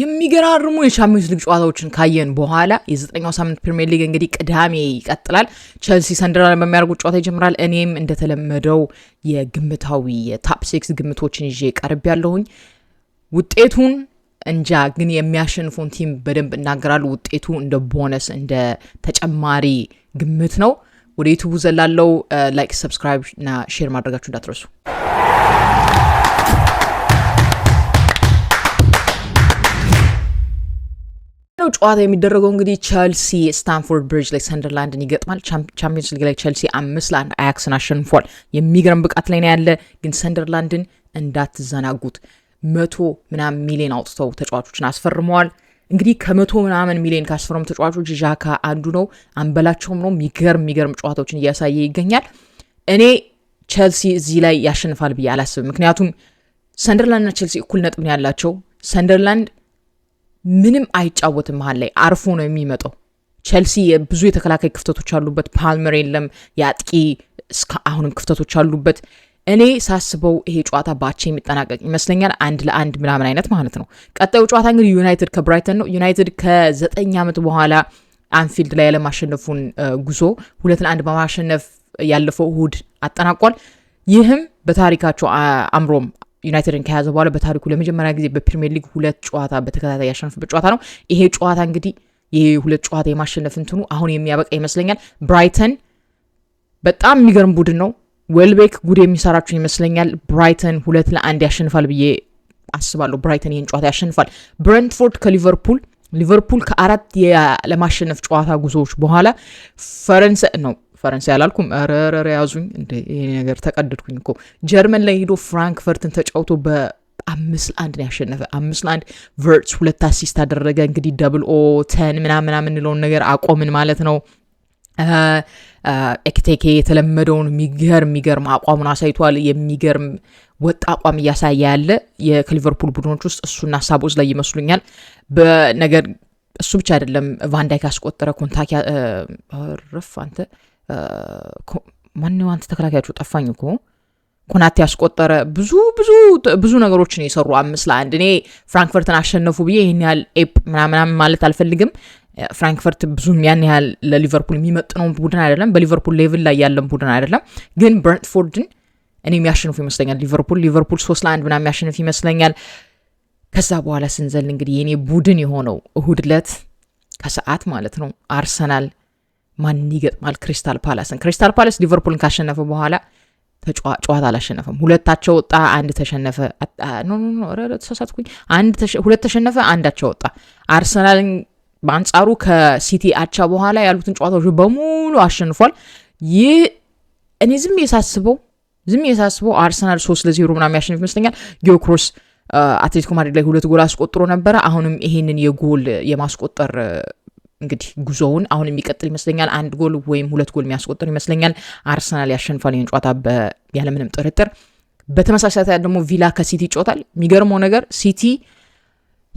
የሚገራርሙ የቻምፒዮንስ ሊግ ጨዋታዎችን ካየን በኋላ የዘጠኛው ሳምንት ፕሪሚየር ሊግ እንግዲህ ቅዳሜ ይቀጥላል። ቸልሲ ሰንደርላንድ በሚያደርጉት ጨዋታ ይጀምራል። እኔም እንደተለመደው የግምታዊ የታፕ ሴክስ ግምቶችን ይዤ ቀርብ ያለሁኝ ውጤቱን እንጃ ግን የሚያሸንፉን ቲም በደንብ እናገራሉ። ውጤቱ እንደ ቦነስ እንደ ተጨማሪ ግምት ነው። ወደ ዩቱቡ ዘላለው። ላይክ፣ ሰብስክራይብ እና ሼር ማድረጋችሁ እንዳትረሱ። ጨዋታ የሚደረገው እንግዲህ ቸልሲ ስታንፎርድ ብሪጅ ላይ ሰንደርላንድን ይገጥማል። ቻምፒየንስ ሊግ ላይ ቸልሲ አምስት ለአንድ አያክስን አሸንፏል። የሚገርም ብቃት ላይ ነው ያለ። ግን ሰንደርላንድን እንዳትዘናጉት መቶ ምናምን ሚሊዮን አውጥተው ተጫዋቾችን አስፈርመዋል። እንግዲህ ከመቶ ምናምን ሚሊዮን ካስፈረሙ ተጫዋቾች ዣካ አንዱ ነው። አንበላቸውም ነው። የሚገርም የሚገርም ጨዋታዎችን እያሳየ ይገኛል። እኔ ቸልሲ እዚህ ላይ ያሸንፋል ብዬ አላስብም። ምክንያቱም ሰንደርላንድና ቸልሲ እኩል ነጥብ ነው ያላቸው። ሰንደርላንድ ምንም አይጫወትም። መሀል ላይ አርፎ ነው የሚመጣው። ቸልሲ ብዙ የተከላካይ ክፍተቶች አሉበት። ፓልመር የለም፣ የአጥቂ እስከ አሁንም ክፍተቶች አሉበት። እኔ ሳስበው ይሄ ጨዋታ ባቼ የሚጠናቀቅ ይመስለኛል፣ አንድ ለአንድ ምናምን አይነት ማለት ነው። ቀጣዩ ጨዋታ እንግዲህ ዩናይትድ ከብራይተን ነው። ዩናይትድ ከዘጠኝ ዓመት በኋላ አንፊልድ ላይ ያለማሸነፉን ጉዞ ሁለት ለአንድ በማሸነፍ ያለፈው እሁድ አጠናቋል። ይህም በታሪካቸው አምሮም ዩናይትድን ከያዘ በኋላ በታሪኩ ለመጀመሪያ ጊዜ በፕሪሚየር ሊግ ሁለት ጨዋታ በተከታታይ ያሸንፍበት ጨዋታ ነው። ይሄ ጨዋታ እንግዲህ ይሄ ሁለት ጨዋታ የማሸነፍ እንትኑ አሁን የሚያበቃ ይመስለኛል። ብራይተን በጣም የሚገርም ቡድን ነው። ዌልቤክ ጉድ የሚሰራችሁ ይመስለኛል። ብራይተን ሁለት ለአንድ ያሸንፋል ብዬ አስባለሁ። ብራይተን ይህን ጨዋታ ያሸንፋል። ብረንትፎርድ ከሊቨርፑል ሊቨርፑል ከአራት ለማሸነፍ ጨዋታ ጉዞዎች በኋላ ፈረንሳይ ነው ፈረንሳይ አላልኩም። ረረረ ያዙኝ እንደ ይሄ ነገር ተቀደድኩኝ እኮ ጀርመን ላይ ሄዶ ፍራንክፈርትን ተጫውቶ በ አምስት ለአንድ ነው ያሸነፈ። አምስት ለአንድ ቨርትስ ሁለት አሲስት አደረገ። እንግዲህ ደብል ኦ ተን ምናምን የምንለውን ነገር አቆምን ማለት ነው። ኤክቴኬ የተለመደውን የሚገርም የሚገርም አቋሙን አሳይቷል። የሚገርም ወጥ አቋም እያሳየ ያለ የክሊቨርፑል ቡድኖች ውስጥ እሱና ሳቦዝ ላይ ይመስሉኛል። በነገር እሱ ብቻ አይደለም። ቫንዳይክ አስቆጠረ። ኮንታክ ረፍ አንተ ማነው አንተ ተከላካያቸው ጠፋኝ እኮ ኮናቴ ያስቆጠረ ብዙ ብዙ ብዙ ነገሮችን የሰሩ አምስት ለአንድ እኔ ፍራንክፈርትን አሸነፉ ብዬ ይህን ያህል ኤፕ ምናምናምን ማለት አልፈልግም። ፍራንክፈርት ብዙም ያን ያህል ለሊቨርፑል የሚመጥነው ቡድን አይደለም፣ በሊቨርፑል ሌቭል ላይ ያለን ቡድን አይደለም። ግን ብረንትፎርድን እኔ የሚያሸንፉ ይመስለኛል ሊቨርፑል ሊቨርፑል ሶስት ለአንድ ምናምን የሚያሸንፍ ይመስለኛል። ከዛ በኋላ ስንዘል እንግዲህ የእኔ ቡድን የሆነው እሁድ ከሰዓት ማለት ነው አርሰናል ማን ይገጥማል ክሪስታል ፓላስን? ክሪስታል ፓላስ ሊቨርፑልን ካሸነፈ በኋላ ጨዋታ አላሸነፈም። ሁለታቸው ወጣ፣ አንድ ተሸነፈ። ተሳሳትኩኝ። ሁለት ተሸነፈ፣ አንዳቸው ወጣ። አርሰናልን በአንጻሩ ከሲቲ አቻ በኋላ ያሉትን ጨዋታዎች በሙሉ አሸንፏል። ይህ እኔ ዝም የሳስበው ዝም የሳስበው አርሰናል ሶስት ለዜሮ ምናምን ያሸንፍ ይመስለኛል። ጊዮክሮስ አትሌቲኮ ማድሪድ ላይ ሁለት ጎል አስቆጥሮ ነበረ። አሁንም ይሄንን የጎል የማስቆጠር እንግዲህ ጉዞውን አሁን የሚቀጥል ይመስለኛል። አንድ ጎል ወይም ሁለት ጎል የሚያስቆጥር ይመስለኛል። አርሰናል ያሸንፋል ይህን ጨዋታ ያለምንም ጥርጥር። በተመሳሳይ ደግሞ ቪላ ከሲቲ ይጫወታል። የሚገርመው ነገር ሲቲ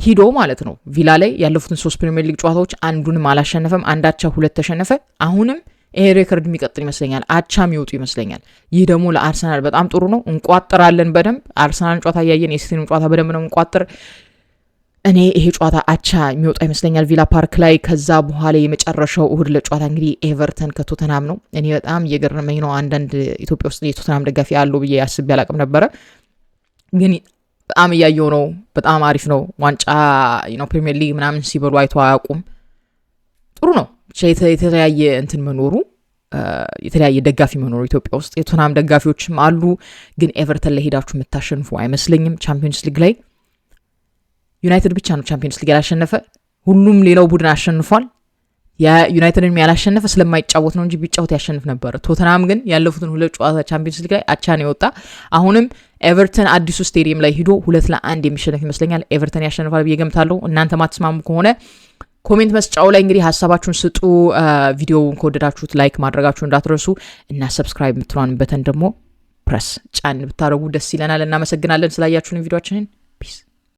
ሂዶ ማለት ነው ቪላ ላይ ያለፉትን ሶስት ፕሪሚየር ሊግ ጨዋታዎች አንዱንም አላሸነፈም። አንዳቻ ሁለት ተሸነፈ። አሁንም ይሄ ሬከርድ የሚቀጥል ይመስለኛል። አቻ የሚወጡ ይመስለኛል። ይህ ደግሞ ለአርሰናል በጣም ጥሩ ነው። እንቋጥራለን በደንብ አርሰናል ጨዋታ እያየን የሲቲንም ጨዋታ በደንብ ነው እንቋጥር እኔ ይሄ ጨዋታ አቻ የሚወጣ ይመስለኛል ቪላ ፓርክ ላይ። ከዛ በኋላ የመጨረሻው እሁድ ለጨዋታ እንግዲህ ኤቨርተን ከቶተናም ነው። እኔ በጣም እየገረመኝ ነው አንዳንድ ኢትዮጵያ ውስጥ የቶተናም ደጋፊ አለው ብዬ አስቤ አላቅም ነበረ፣ ግን በጣም እያየው ነው። በጣም አሪፍ ነው። ዋንጫ ነው ፕሪሚየር ሊግ ምናምን ሲበሉ አይቶ አያውቁም። ጥሩ ነው ብቻ የተለያየ እንትን መኖሩ የተለያየ ደጋፊ መኖሩ ኢትዮጵያ ውስጥ የቶተናም ደጋፊዎችም አሉ፣ ግን ኤቨርተን ላይ ሄዳችሁ የምታሸንፉ አይመስለኝም ቻምፒዮንስ ሊግ ላይ ዩናይትድ ብቻ ነው ቻምፒዮንስ ሊግ ያላሸነፈ። ሁሉም ሌላው ቡድን አሸንፏል። የዩናይትድንም ያላሸነፈ ስለማይጫወት ነው እንጂ ቢጫወት ያሸንፍ ነበረ። ቶተናም ግን ያለፉትን ሁለት ጨዋታ ቻምፒዮንስ ሊግ ላይ አቻ ነው የወጣ። አሁንም ኤቨርተን አዲሱ ስቴዲየም ላይ ሂዶ ሁለት ለአንድ የሚሸነፍ ይመስለኛል። ኤቨርተን ያሸንፋል ብዬ ገምታለሁ። እናንተ ማትስማሙ ከሆነ ኮሜንት መስጫው ላይ እንግዲህ ሀሳባችሁን ስጡ። ቪዲዮውን ከወደዳችሁት ላይክ ማድረጋችሁ እንዳትረሱ እና ሰብስክራይብ የምትሏን በተን ደግሞ ፕረስ ጫን ብታደረጉ ደስ ይለናል። እናመሰግናለን ስላያችሁን ቪዲዮችንን